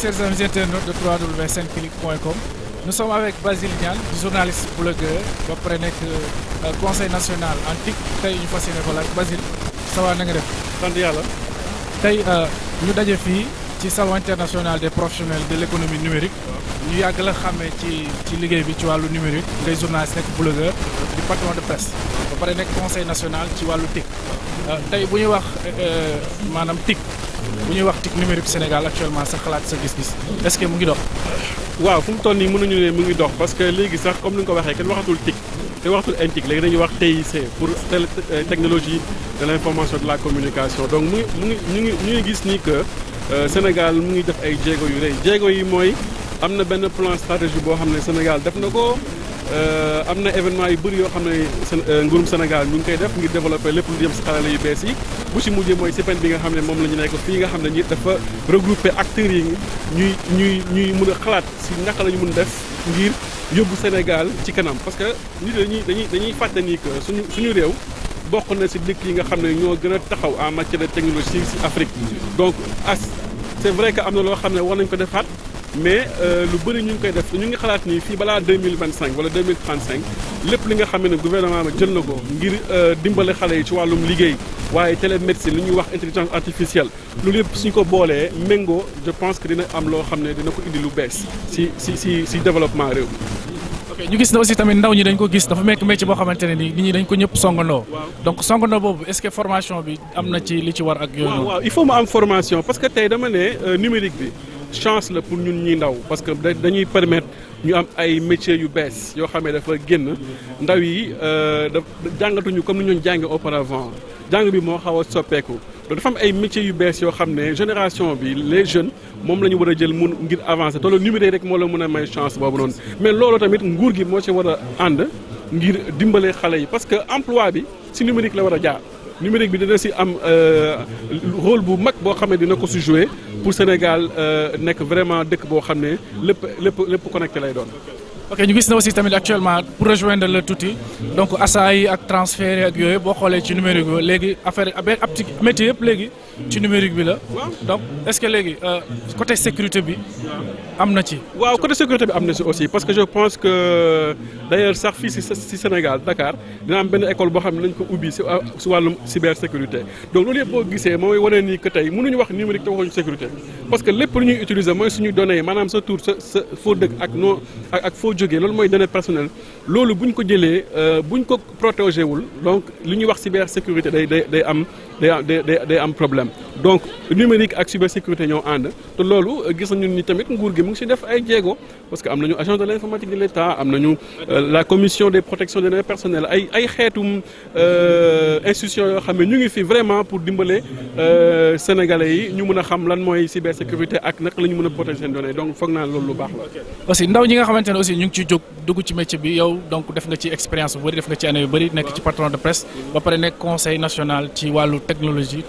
chers amis internautes de www.senclic.com nous sommes avec Basile Niane di journaliste blogueur ba pare nekk conseil national antique tey ñu fas yéene ko laaj Basile ça va na nga yàlla. tey ñu daje fii ci salon international des professionnels de l' économie numérique. ñu yàgg la xàmmee ci ci liggéey bi ci wàllu numérique ngay journaliste nekk blogueur di de presse. ba pare nekk conseil national ci wàllu TIC. tey bu ñuy wax maanaam TIC. bu ñuy wax TIC numérique Sénégal actuellement sa xalaat sa gis-gis est-ce que mu ngi dox. waaw fu mu toll nii mu ngi dox parce que léegi sax comme ni nga ko waxee kenn waxatul TIC kenn waxatul NTIC léegi dañuy wax TIC pour euh, technologie de l'information de la communication donc mu ngi mu ngi ñu ngi gis nii que euh, Sénégal mu ngi def ay jéego yu rëy jéego yi mooy am na benn plan stratégie boo xam ne Sénégal def na ko. Euh, am na événement yu bëri yoo xam ne euh, nguurum Sénégal ñu ngi koy def ngir développer lépp lu jëm si xarala yu bees yi bu si mujjee mooy CPN bi nga xam ne moom la ñu nekk fii nga xam ne ñi dafa regrouper acteurs yi ñuy ñuy ñuy mën a xalaat si naka lañu mun mën def ngir yóbbu Sénégal ci kanam parce que nit dañuy dañuy dañuy fàtte ni que suñu réew bokk na si dëkk yi nga xam ne ñoo gën a taxaw en matière de technologie si Afrique donc as c'est vrai que am na loo xam ne war nañ ko defaat mais euh, lu bari ñu ngi koy def ñu ngi xalaat nii fii balaa deux mille vingt cinq wala deux mille trente lépp li nga xam ne gouvernement bi jël na ko ngir euh, dimbali xale yi ci wàllum liggéey waaye télémédecine li ñuy wax intelligence artificielle loolu yëpp suñ ko boolee méngoo je pense que dina am loo xam ne dina ko indi lu bees si si si si développement réew mi ñu gis na aussi tamit ndaw ñi dañ ko gis dafa mekk métier boo xamante ne ni nit ñi dañ ko ñëpp songandoo donc songandoo boobu est-ce que formation bi am na ci li ci war ak yooyu mu am formation parce que tey dama ne euh, numérique bi chance la pour ñun ñuy ndaw parce que dañuy permettre ñu am ay métiers yu bees yoo xam ne dafa génn ndaw yi euh, da jàngatuñu comme ni ñoon jànge auparavant jàng bi moo xaw a soppeeku dafa am ay métiers yu bees yoo xam ne génération bi les jeunes moom la ñu war a jël mun ngir avancé te loolu numérique rek moo la mën a may chance boobu noonu mais loolu tamit nguur gi moo ci war a ànd ngir dimbale xale yi parce que emploi bi si numérique la war a jaar numérique bi dina si am euh, rôle bu mag boo xam ne dina ko si jouer pour Sénégal euh, nekk vraiment dëkk boo xam ne lépp lépp lépp connecté lay doon. ok ñu gis na aussi tamit actuellement pour rejoindre le tuuti donc assa yi ak transfert yi ak yooyu boo xoolee ci numérique bi léegi affaire affaire ab métier yëpp léegi ci numérique bi la. donc est-ce que léegi euh, côté sécurité bi am na ci. waaw côté sécurité bi am na ci parce que je pense que d'ailleurs sax fii ci Sénégal Dakar dina am benn école boo xam ne nañ ko ubbi ci euh, ci wàllum cybersécurité donc loolu yëpp boo gisee mooy wane ni que tey mënuñu wax numérique te waxuñu sécurité parce lépp lu mooy suñu données yi maanaam sa tur sa sa foo dëkk jógee loolu mooy dene personnelles loolu bu ñu ko jëlee euh, bu ñu ko protégé wul donc li ñuy wax cybersécurité day day day am day day day am problème donc numérique ak cybersécurité ñoo ànd te loolu euh, gis nañu ni tamit nguur gi mu ngi si def ay jéego parce que am nañu agence de l' de l' am nañu euh, la commission des protections des données personnelles ay ay xeetum euh, institutions yoo xam ne ñu ngi fi vraiment pour dimbale sénégalais yi ñu mën a xam lan mooy cybersécurité ak naka la ñu mën a protéger seen données donc foog naa loolu lu baax la. aussi ndaw ñi nga xamante ne aussi ñu ngi ciy jóg dugg ci métier bi yow donc def nga ci expérience bu nga ci année yu bëri nekk ci patron de presse ba pare nekk conseil national ci wàllu technologie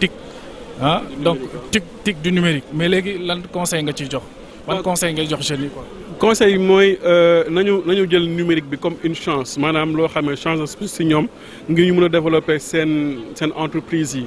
ah donc tic tic du numérique mais léegi lan conseil nga ciy jox ban conseil nga jox jeunes yi quoi. conseil mooy euh, nañu nañu jël numérique bi comme une chance maanaam loo xam ne chance plus si ñoom ngir ñu mun a développer seen seen entreprise yi.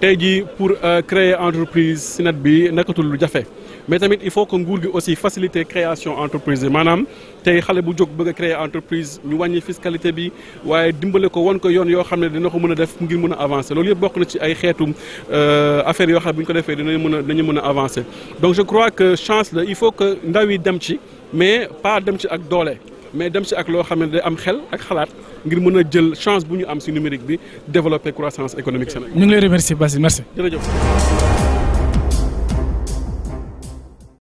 tey jii pour euh, créer entreprise si net bi nekkatul lu jafe mais tamit il faut que nguur gi aussi faciliter création entreprise maanaam tey xale bu jóg bëgg a créer entreprise ñu wàññi fiscalité bi waaye dimbale ko wan ko yoon yoo xam ne dina ko mën a def ngir mën a avancé loolu yëpp bokk na ci ay xeetu euh, affaire yoo xam ne bu ñu ko defee dinañ mën a dinañu mën a avancer donc je crois que chance la il faut que ndaw yi dem ci mais pas dem ci ak doole mais dem ci ak loo xam ne am xel ak xalaat. ngir mën a jël chance bu ñu am si numérique bi développer croissance économique Sénégal. ñu ngi lay remercier Basile merci. jërëjëf.